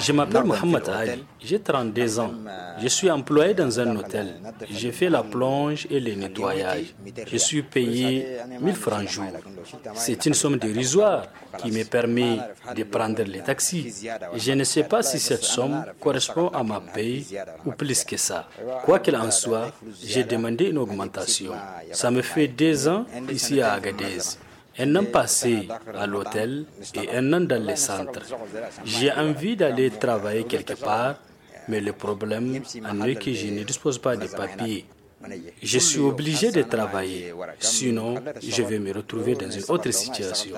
Je m'appelle Mohamed Ali, j'ai 32 ans. Je suis employé dans un hôtel. J'ai fait la plonge et le nettoyage. Je suis payé 1000 francs jour. C'est une somme dérisoire qui me permet de prendre les taxis. Je ne sais pas si cette somme correspond à ma paye ou plus que ça. Quoi qu'il en soit, j'ai demandé une augmentation. Ça me fait deux ans ici à Agadez un an passé à l'hôtel et un an dans les centres. J'ai envie d'aller travailler quelque part, mais le problème en est que je ne dispose pas de papiers. Je suis obligé de travailler, sinon je vais me retrouver dans une autre situation.